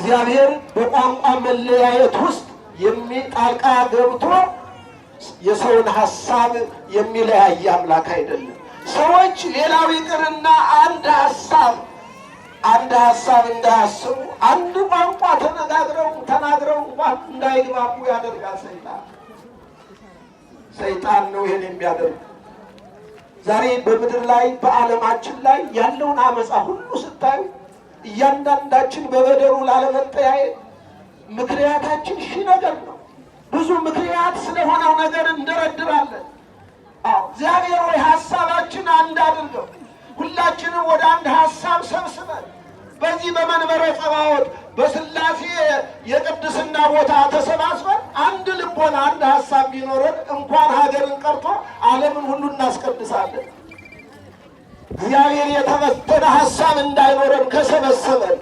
እግዚአብሔር በቋንቋ መለያየት ውስጥ የሚጣልቃ ገብቶ የሰውን ሀሳብ የሚለያየ አምላክ አይደለም። ሰዎች ሌላው ይቅርና አንድ ሀሳብ አንድ ሀሳብ እንዳያስቡ አንድ ቋንቋ ተነጋግረው ተናግረው እንኳን እንዳይግባቡ ያደርጋል። ሰይጣን ሰይጣን ነው ይሄን የሚያደርግ። ዛሬ በምድር ላይ በዓለማችን ላይ ያለውን አመፃ ሁሉ ስታዩ እያንዳንዳችን በበደሩ ላለመጠያየት ምክንያታችን ሺ ነገር ነው። ብዙ ምክንያት ስለሆነው ነገር እንደረድራለን። እግዚአብሔር ወይ ሀሳባችን አንድ አድርገው ሁላችንም ወደ አንድ ሀሳብ ሰብስበን በዚህ በመንበረ ጸባዖት በስላሴ የቅድስና ቦታ ተሰባስበን አንድ ልቦና አንድ ሀሳብ ቢኖረን እንኳን ሀገርን ቀርቶ ዓለምን ሁሉ እናስቀድሳለን። እግዚአብሔር የተበተነ ሀሳብ እንዳ ሰበሰበን።